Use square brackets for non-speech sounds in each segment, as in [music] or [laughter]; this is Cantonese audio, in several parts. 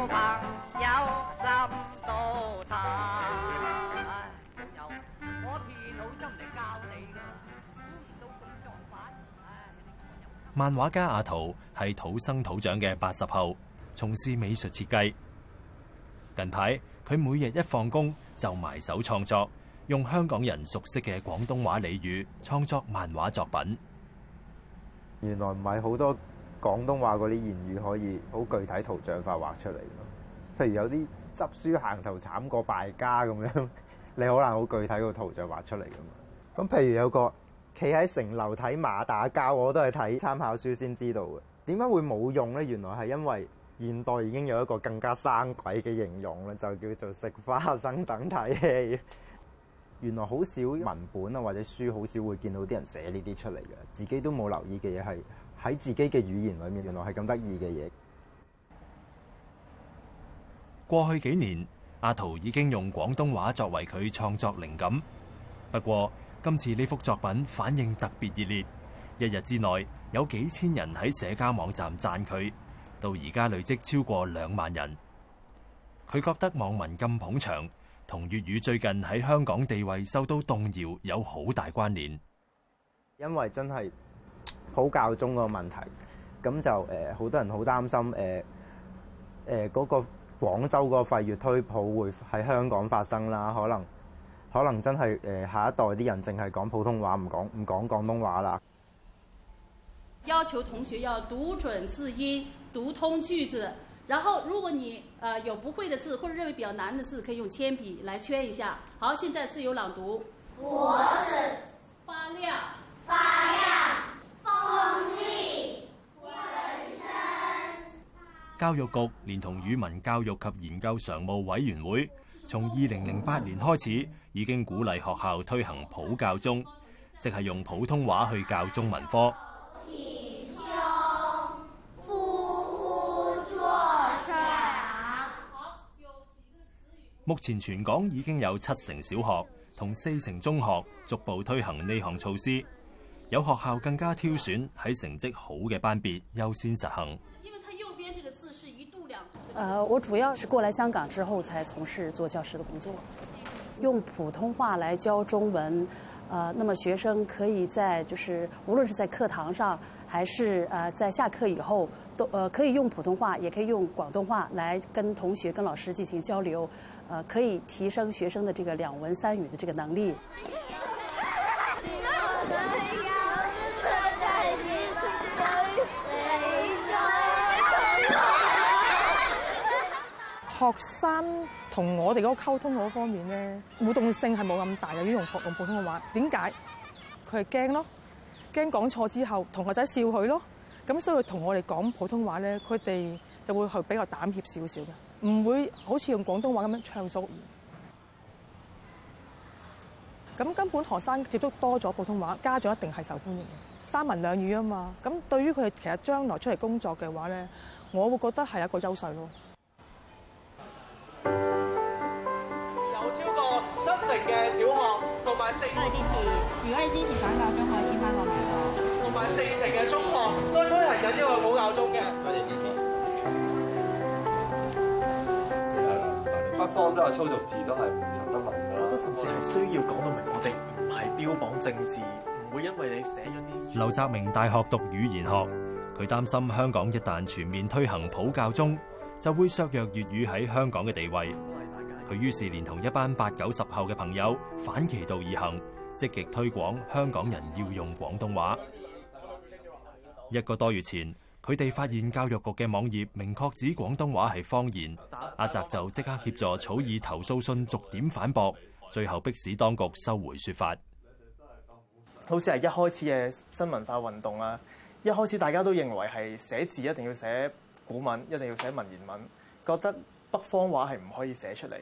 有心到到大，我唔嚟教你估唔到漫畫家阿陶係土生土長嘅八十後，從事美術設計。近排佢每日一放工就埋手創作，用香港人熟悉嘅廣東話俚語創作漫畫作品。原來唔係好多。廣東話嗰啲言語可以好具體圖像化畫出嚟，譬如有啲執輸行頭慘過敗家咁樣，你好難好具體個圖像畫出嚟㗎嘛。咁譬如有個企喺城樓睇馬打交，我都係睇參考書先知道嘅。點解會冇用呢？原來係因為現代已經有一個更加生鬼嘅形容啦，就叫做食花生等睇戲。原來好少文本啊，或者書好少會見到啲人寫呢啲出嚟嘅，自己都冇留意嘅嘢係。喺自己嘅語言裏面，原來係咁得意嘅嘢。過去幾年，阿陶已經用廣東話作為佢創作靈感。不過，今次呢幅作品反應特別熱烈，一日之內有幾千人喺社交網站讚佢，到而家累積超過兩萬人。佢覺得網民咁捧場，同粵語最近喺香港地位受到動搖有好大關聯。因為真係，普教中個問題，咁就誒好、呃、多人好擔心誒誒嗰個廣州個廢粵推普會喺香港發生啦，可能可能真係誒、呃、下一代啲人淨係講普通話唔講唔講廣東話啦。要求同學要讀準字音，讀通句子，然後如果你呃有不會嘅字或者認為比較難嘅字，可以用鉛筆來圈一下。好，現在自由朗讀。脖子是發亮，發亮。教育局連同語文教育及研究常務委員會，從二零零八年開始，已經鼓勵學校推行普教中，即係用普通話去教中文科。目前全港已經有七成小學同四成中學逐步推行呢項措施。有學校更加挑選喺成績好嘅班別優先實行。因為他右邊這個字是一度，兩度呃，我主要是過來香港之後才從事做教師的工作，用普通話來教中文，啊、呃，那麼學生可以在就是無論是在課堂上，還是啊、呃、在下課以後，都呃可以用普通話，也可以用廣東話來跟同學跟老師進行交流，呃，可以提升學生的這個兩文三語的這個能力。學生同我哋嗰個溝通嗰方面咧，互動性係冇咁大嘅。如果用學用普通話，點解佢係驚咯？驚講錯之後，同學仔笑佢咯。咁所以佢同我哋講普通話咧，佢哋就會係比較膽怯少少嘅，唔會好似用廣東話咁樣暢所欲言。咁根本學生接觸多咗普通話，家長一定係受歡迎嘅。三文兩語啊嘛，咁對於佢哋其實將來出嚟工作嘅話咧，我會覺得係一個優勢咯。我哋支持，如果你支持反教中，可以簽翻個名。同埋四成嘅中學都推行緊呢個普教中嘅，多謝支持。北方都有粗俗字，都係唔入得文㗎。我甚至係需要講到明我哋唔係標榜政治，唔會因為你寫咗啲。劉澤明大學讀語言學，佢擔心香港一旦全面推行普教中，就會削弱粵語喺香港嘅地位。佢於是連同一班八九十後嘅朋友反其道而行，積極推廣香港人要用廣東話。一個多月前，佢哋發現教育局嘅網頁明確指廣東話係方言，阿澤就即刻協助草擬投訴信，逐點反駁，最後迫使當局收回說法。好似係一開始嘅新文化運動啊，一開始大家都認為係寫字一定要寫古文，一定要寫文言文，覺得。北方話係唔可以寫出嚟，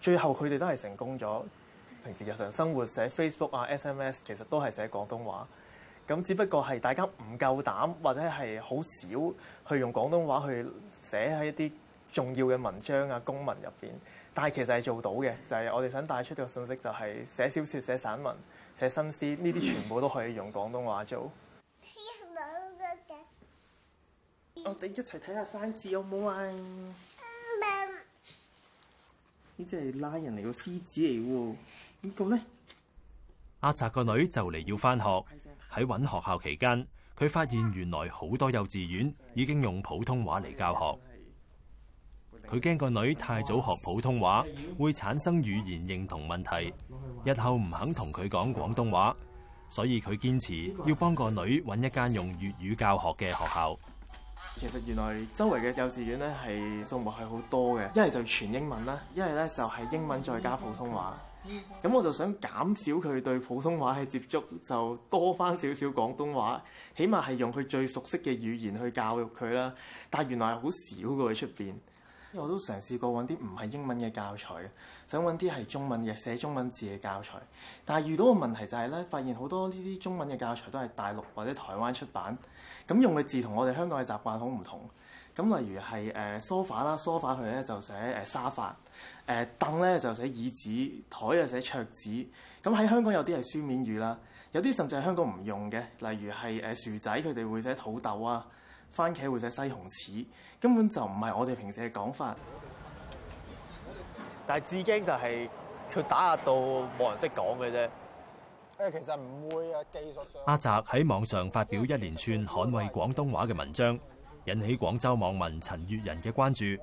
最後佢哋都係成功咗。平時日常生活寫 Facebook 啊、SMS，其實都係寫廣東話。咁只不過係大家唔夠膽，或者係好少去用廣東話去寫喺一啲重要嘅文章啊、公文入邊。但係其實係做到嘅，就係我哋想帶出嘅信息，就係寫小説、寫散文、寫新詩，呢啲全部都可以用廣東話做。 [laughs] 我哋一齊睇下生字好唔好啊？即係拉人嚟個獅子嚟喎，點講咧？阿澤個女就嚟要返學，喺揾學校期間，佢發現原來好多幼稚園已經用普通話嚟教學。佢驚個女太早學普通話會產生語言認同問題，日後唔肯同佢講廣東話，所以佢堅持要幫個女揾一間用粵語教學嘅學校。其實原來周圍嘅幼稚園呢，係數目係好多嘅，一係就全英文啦，一係呢就係英文再加普通話。咁我就想減少佢對普通話嘅接觸，就多返少少廣東話，起碼係用佢最熟悉嘅語言去教育佢啦。但係原來係好少喎喺出邊。我都嘗試過揾啲唔係英文嘅教材，想揾啲係中文嘅寫中文字嘅教材，但係遇到個問題就係呢：發現好多呢啲中文嘅教材都係大陸或者台灣出版，咁用嘅字同我哋香港嘅習慣好唔同。咁例如係誒 sofa 啦，sofa 佢呢就寫誒沙發，凳呢就寫椅子，枱就寫桌子。咁喺香港有啲係書面語啦，有啲甚至係香港唔用嘅，例如係誒薯仔，佢哋會寫土豆啊。番茄或者西紅柿根本就唔係我哋平時嘅講法，嗯、但係至驚就係佢打壓到冇人識講嘅啫。誒，其實唔會啊，技術上。阿澤喺網上發表一連串捍衞廣東話嘅文章，引起廣州網民陳月仁嘅關注。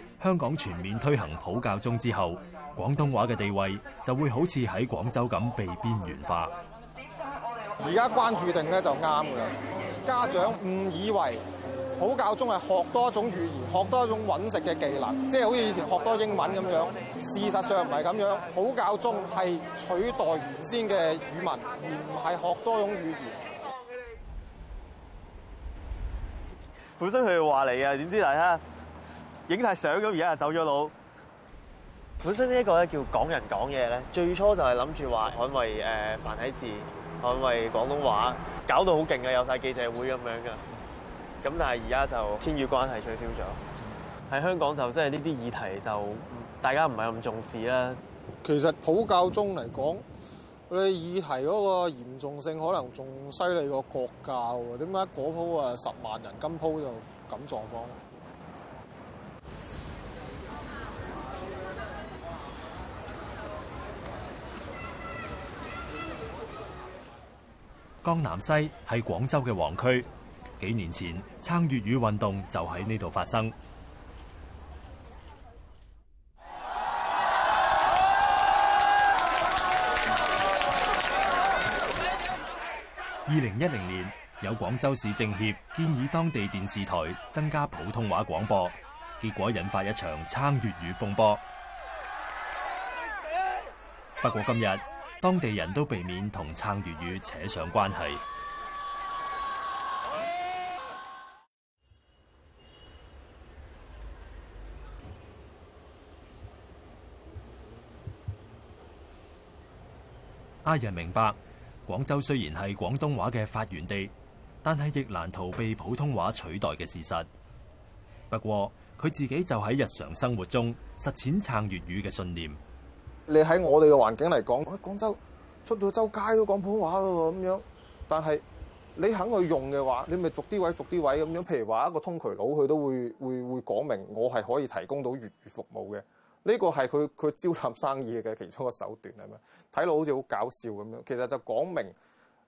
香港全面推行普教中之後，廣東話嘅地位就會好似喺廣州咁被邊緣化。而家關注定咧就啱㗎啦，家長誤以為普教中係學多一種語言，學多一種揾食嘅技能，即係好似以前學多英文咁樣。事實上唔係咁樣，普教中係取代原先嘅語文，而唔係學多種語言。本身佢哋話嚟嘅，點知嚟啊？影太相咁而家就走咗佬。本身呢一個咧叫講人講嘢咧，最初就係諗住話捍衛誒繁體字、捍衛廣東話，搞到好勁呀，有曬記者會咁樣噶。咁但係而家就天雨關係取消咗。喺香港就真係呢啲議題就大家唔係咁重視啦。其實普教中嚟講，我哋議題嗰個嚴重性可能仲犀利過國教啊？點解嗰鋪啊十萬人今鋪就咁狀況？江南西係廣州嘅旺區，幾年前撐粵語運動就喺呢度發生。二零一零年，有廣州市政協建議當地電視台增加普通話廣播，結果引發一場撐粵語風波。不過今日。當地人都避免同撐粵語扯上關係。阿仁明白，廣州雖然係廣東話嘅發源地，但係亦難逃避普通話取代嘅事實。不過，佢自己就喺日常生活中實踐撐粵語嘅信念。你喺我哋嘅環境嚟講，喺廣州出到周街都講普通話咯，咁樣。但係你肯去用嘅話，你咪逐啲位逐啲位咁樣。譬如話一個通渠佬，佢都會會會講明我係可以提供到粵語服務嘅。呢個係佢佢招攬生意嘅其中一個手段係咪？睇落好似好搞笑咁樣，其實就講明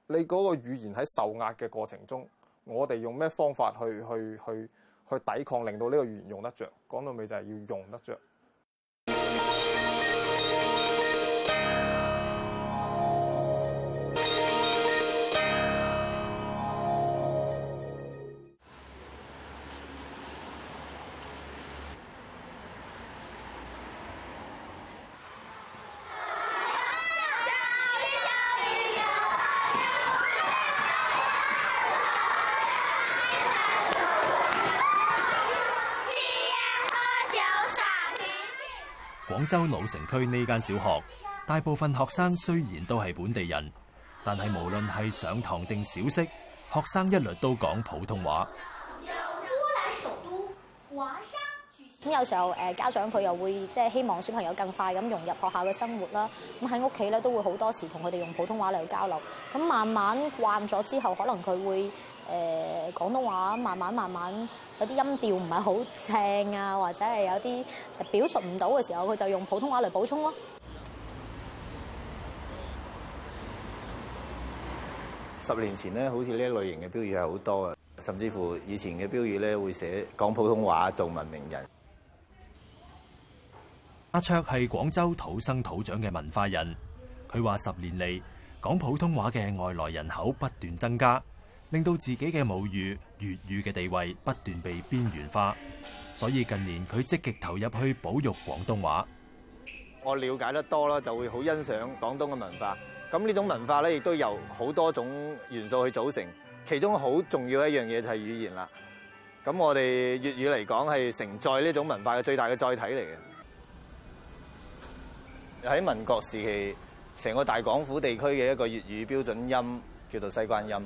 你嗰個語言喺受壓嘅過程中，我哋用咩方法去去去去去抵抗，令到呢個語言用得着？講到尾就係要用得着。廣州老城區呢間小學，大部分學生雖然都係本地人，但係無論係上堂定小息，學生一律都講普通話。咁有時候誒，家長佢又會即係希望小朋友更快咁融入學校嘅生活啦。咁喺屋企咧都會好多時同佢哋用普通話嚟交流。咁慢慢慣咗之後，可能佢會。誒、呃、廣東話慢慢慢慢有啲音調唔係好正啊，或者係有啲表述唔到嘅時候，佢就用普通話嚟補充咯、啊。十年前呢，好似呢一類型嘅標語係好多啊，甚至乎以前嘅標語咧會寫講普通話做文明人。阿卓係廣州土生土長嘅文化人，佢話：十年嚟講普通話嘅外來人口不斷增加。令到自己嘅母語、粵語嘅地位不斷被邊緣化，所以近年佢積極投入去保育廣東話。我了解得多啦，就會好欣賞廣東嘅文化。咁呢種文化咧，亦都由好多種元素去組成，其中好重要一樣嘢就係語言啦。咁我哋粵語嚟講，係承載呢種文化嘅最大嘅載體嚟嘅。喺民國時期，成個大廣府地區嘅一個粵語標準音叫做西關音。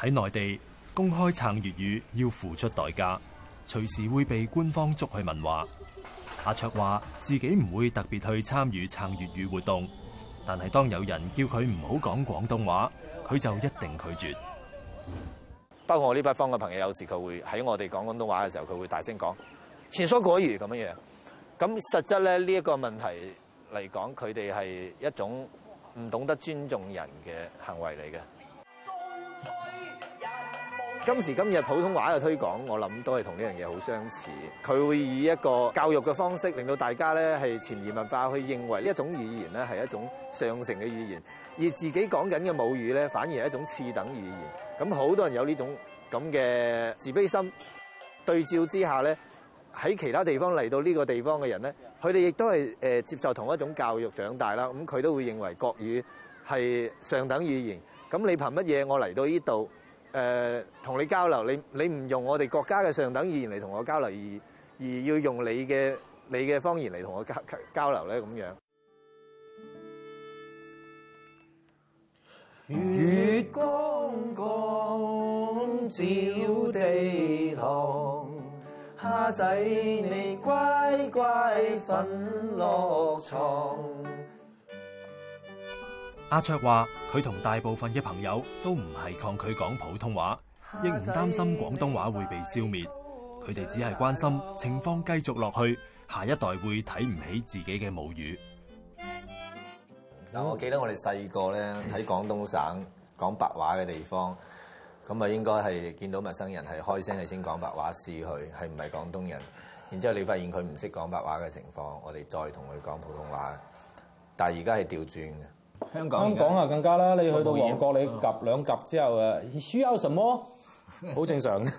喺內地公開撐粵語要付出代價，隨時會被官方捉去問話。阿卓話自己唔會特別去參與撐粵語活動，但係當有人叫佢唔好講廣東話，佢就一定拒絕。包括我呢北方嘅朋友，有時佢會喺我哋講廣東話嘅時候，佢會大聲講前所果如咁樣樣。咁實質咧，呢、這、一個問題嚟講，佢哋係一種唔懂得尊重人嘅行為嚟嘅。今時今日普通話嘅推廣，我諗都係同呢樣嘢好相似。佢會以一個教育嘅方式，令到大家咧係潛移默化，去認為呢一種語言咧係一種上乘嘅語言，而自己講緊嘅母語咧反而係一種次等語言。咁好多人有呢種咁嘅自卑心。對照之下咧，喺其他地方嚟到呢個地方嘅人咧，佢哋亦都係誒接受同一種教育長大啦。咁佢都會認為國語係上等語言。咁你憑乜嘢我嚟到呢度？誒、呃，同你交流，你你唔用我哋國家嘅上等語言嚟同我交流，而而要用你嘅你嘅方言嚟同我交交流咧？咁樣。月光光照地阿卓話：佢同大部分嘅朋友都唔係抗拒講普通話，亦唔擔心廣東話會被消滅。佢哋只係關心情況繼續落去，下一代會睇唔起自己嘅母語。嗱、嗯，我記得我哋細個咧，喺廣東省講白話嘅地方，咁啊，應該係見到陌生人係開聲係先講白話試佢係唔係廣東人，然之後你發現佢唔識講白話嘅情況，我哋再同佢講普通話。但係而家係調轉嘅。香港啊，港更加啦！加你去到旺角，你夾兩夾之後誒，輸歐、哦、什麼好 [laughs] 正常。 [laughs]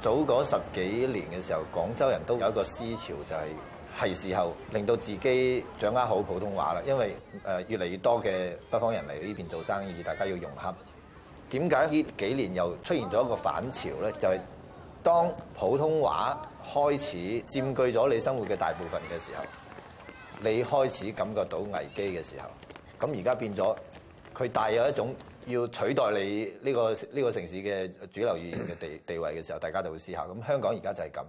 早嗰十幾年嘅時候，廣州人都有一個思潮，就係、是、係時候令到自己掌握好普通話啦。因為誒越嚟越多嘅北方人嚟呢邊做生意，大家要融洽。點解呢幾年又出現咗一個反潮咧？就係、是。當普通話開始佔據咗你生活嘅大部分嘅時候，你開始感覺到危機嘅時候，咁而家變咗，佢帶有一種要取代你呢個呢個城市嘅主流語言嘅地地位嘅時候，大家就會思考。咁香港而家就係咁。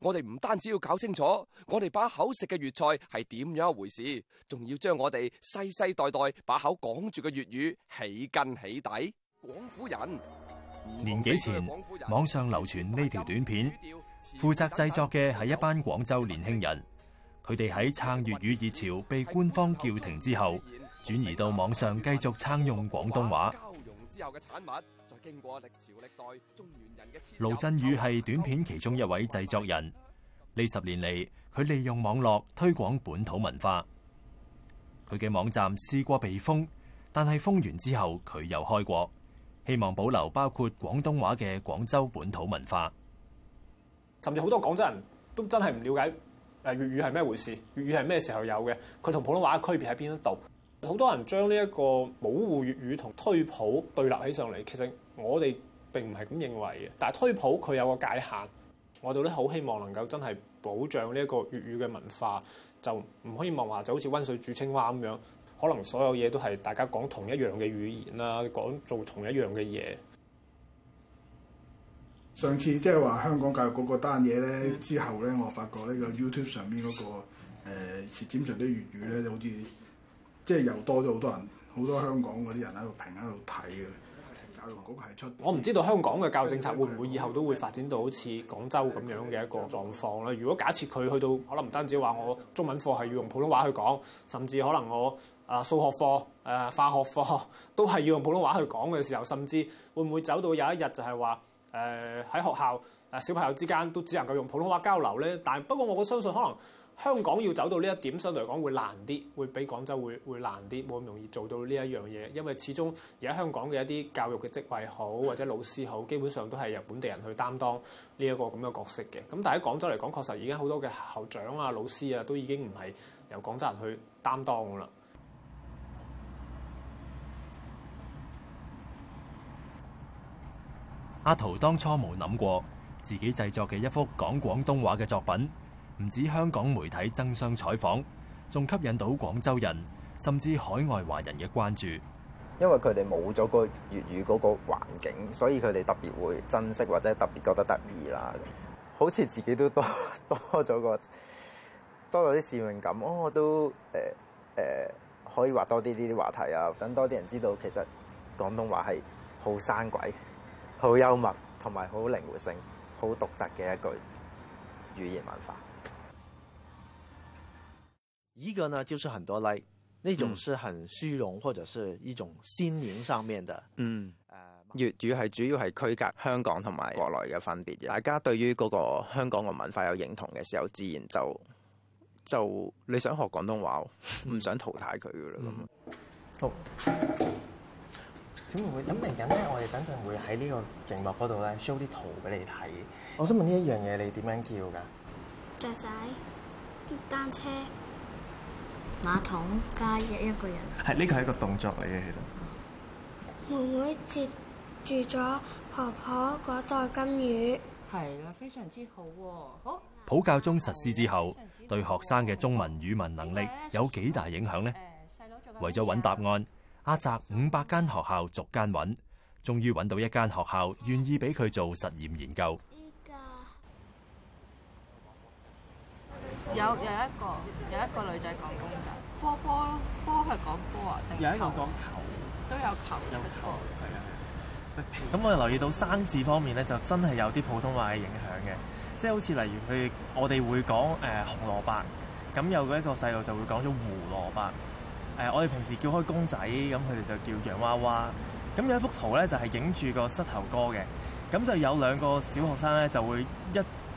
我哋唔單止要搞清楚，我哋把口食嘅粵菜係點樣一回事，仲要將我哋世世代代把口講住嘅粵語起根起底。廣府人。年幾前，網上流傳呢條短片，負責製作嘅係一班廣州年輕人。佢哋喺撐粵語熱潮被官方叫停之後，轉移到網上繼續撐用廣東話。盧振宇係短片其中一位製作人。呢十年嚟，佢利用網絡推廣本土文化。佢嘅網站試過被封，但係封完之後，佢又開過。希望保留包括廣東話嘅廣州本土文化，甚至好多廣州人都真係唔了解，誒粵語係咩回事，粵語係咩時候有嘅，佢同普通話嘅區別喺邊一度。好多人將呢一個保護粵語同推普對立起上嚟，其實我哋並唔係咁認為嘅。但係推普佢有個界限，我哋咧好希望能夠真係保障呢一個粵語嘅文化，就唔希望話就好似温水煮青蛙咁樣。可能所有嘢都係大家講同一樣嘅語言啦，講做同一樣嘅嘢。上次即係話香港教育局嗰單嘢咧，之後咧，我發覺呢個 YouTube 上邊嗰個誒舌尖上啲粵語咧，就好似即係又多咗好多人，好多香港嗰啲人喺度評，喺度睇嘅。教育局係出我唔知道香港嘅教政策會唔會以後都會發展到好似廣州咁樣嘅一個狀況啦。如果假設佢去到可能唔單止話我中文課係要用普通話去講，甚至可能我。啊，數學課、誒、啊、化學課、啊、都係要用普通話去講嘅時候，甚至會唔會走到有一日就係話誒喺學校誒、啊、小朋友之間都只能夠用普通話交流呢？但不過我相信可能香港要走到呢一點，相對嚟講會難啲，會比廣州會會難啲，冇咁容易做到呢一樣嘢，因為始終而家香港嘅一啲教育嘅職位好或者老師好，基本上都係由本地人去擔當呢一個咁嘅角色嘅。咁但喺廣州嚟講，確實而家好多嘅校長啊、老師啊，都已經唔係由廣州人去擔當噶啦。阿陶當初冇諗過，自己製作嘅一幅講廣東話嘅作品，唔止香港媒體爭相採訪，仲吸引到廣州人，甚至海外華人嘅關注。因為佢哋冇咗個粵語嗰個環境，所以佢哋特別會珍惜或者特別覺得得意啦。好似自己都多多咗個多咗啲使命感。哦，我都誒誒，可以話多啲呢啲話題啊，等多啲人知道，其實廣東話係好生鬼，好幽默，同埋好靈活性，好獨特嘅一句語言文化。依個呢，就是很多 like，那種是很虛榮或者是一種心靈上面的。嗯。誒、呃，粵語係主要係區隔香港同埋國內嘅分別嘅。大家對於嗰個香港嘅文化有認同嘅時候，自然就就你想學廣東話，唔、嗯、想淘汰佢噶啦咁。好、嗯。嗯 oh. 咁會唔會咁嚟緊咧？我哋等陣會喺呢個熒幕嗰度咧 show 啲圖俾你睇。我想問呢一樣嘢，你點樣叫㗎？雀仔、單車、馬桶，加一一個人。係呢個係一個動作嚟嘅，其實。妹妹接住咗婆婆嗰袋金魚。係啦，非常之好喎，好。普教中實施之後，對學生嘅中文語文能力有幾大影響呢？嗯、弟弟啊、為咗揾答案。阿澤五百間學校逐間揾，終於揾到一間學校願意俾佢做實驗研究。依家有有一個有一個女仔講公仔，波波波係講波啊，定有一個講球，都有球有球。係啊，咁我哋留意到生字方面咧，就真係有啲普通話嘅影響嘅，即係好似例如佢我哋會講誒紅蘿蔔，咁、呃、有嘅一個細路就會講咗胡蘿蔔。誒，我哋平時叫開公仔，咁佢哋就叫洋娃娃。咁有一幅圖咧，就係影住個膝頭哥嘅。咁就有兩個小學生咧，就會一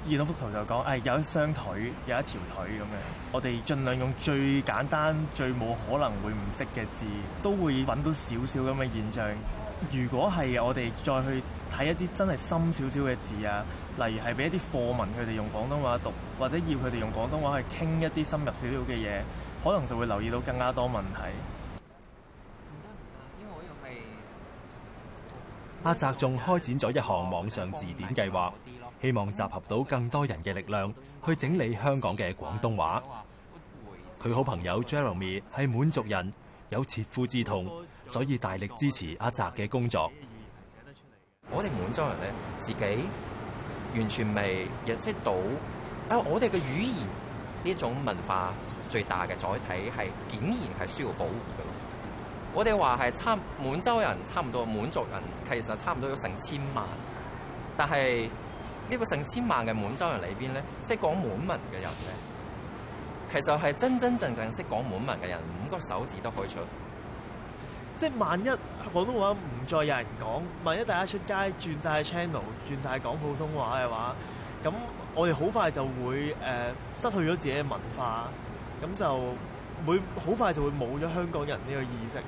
見到一幅圖就講：誒、哎，有一雙腿，有一條腿咁樣。我哋盡量用最簡單、最冇可能會唔識嘅字，都會揾到少少咁嘅現象。如果係我哋再去睇一啲真係深少少嘅字啊，例如係俾一啲課文，佢哋用廣東話讀，或者要佢哋用廣東話去傾一啲深入少少嘅嘢。可能就會留意到更加多問題。唔得唔得，因為我又係阿澤仲開展咗一項網上字典計劃，希望集合到更多人嘅力量，去整理香港嘅廣東話。佢好朋友 Jeremy 係滿族人，有切膚之痛，所以大力支持阿澤嘅工作。我哋滿洲人咧，自己完全未認識到啊！我哋嘅語言呢種文化。最大嘅載體係，竟然係需要保護嘅。我哋話係差滿洲人，差唔多滿族人，其實差唔多有成千萬。但係呢、這個成千萬嘅滿洲人裏邊咧，識講滿文嘅人咧，其實係真真正正識講滿文嘅人，五個手指都可以出。即係萬一廣東話唔再有人講，萬一大家出街轉晒 channel，轉晒講普通話嘅話，咁我哋好快就會誒、呃、失去咗自己嘅文化。咁就會好快就會冇咗香港人呢個意識。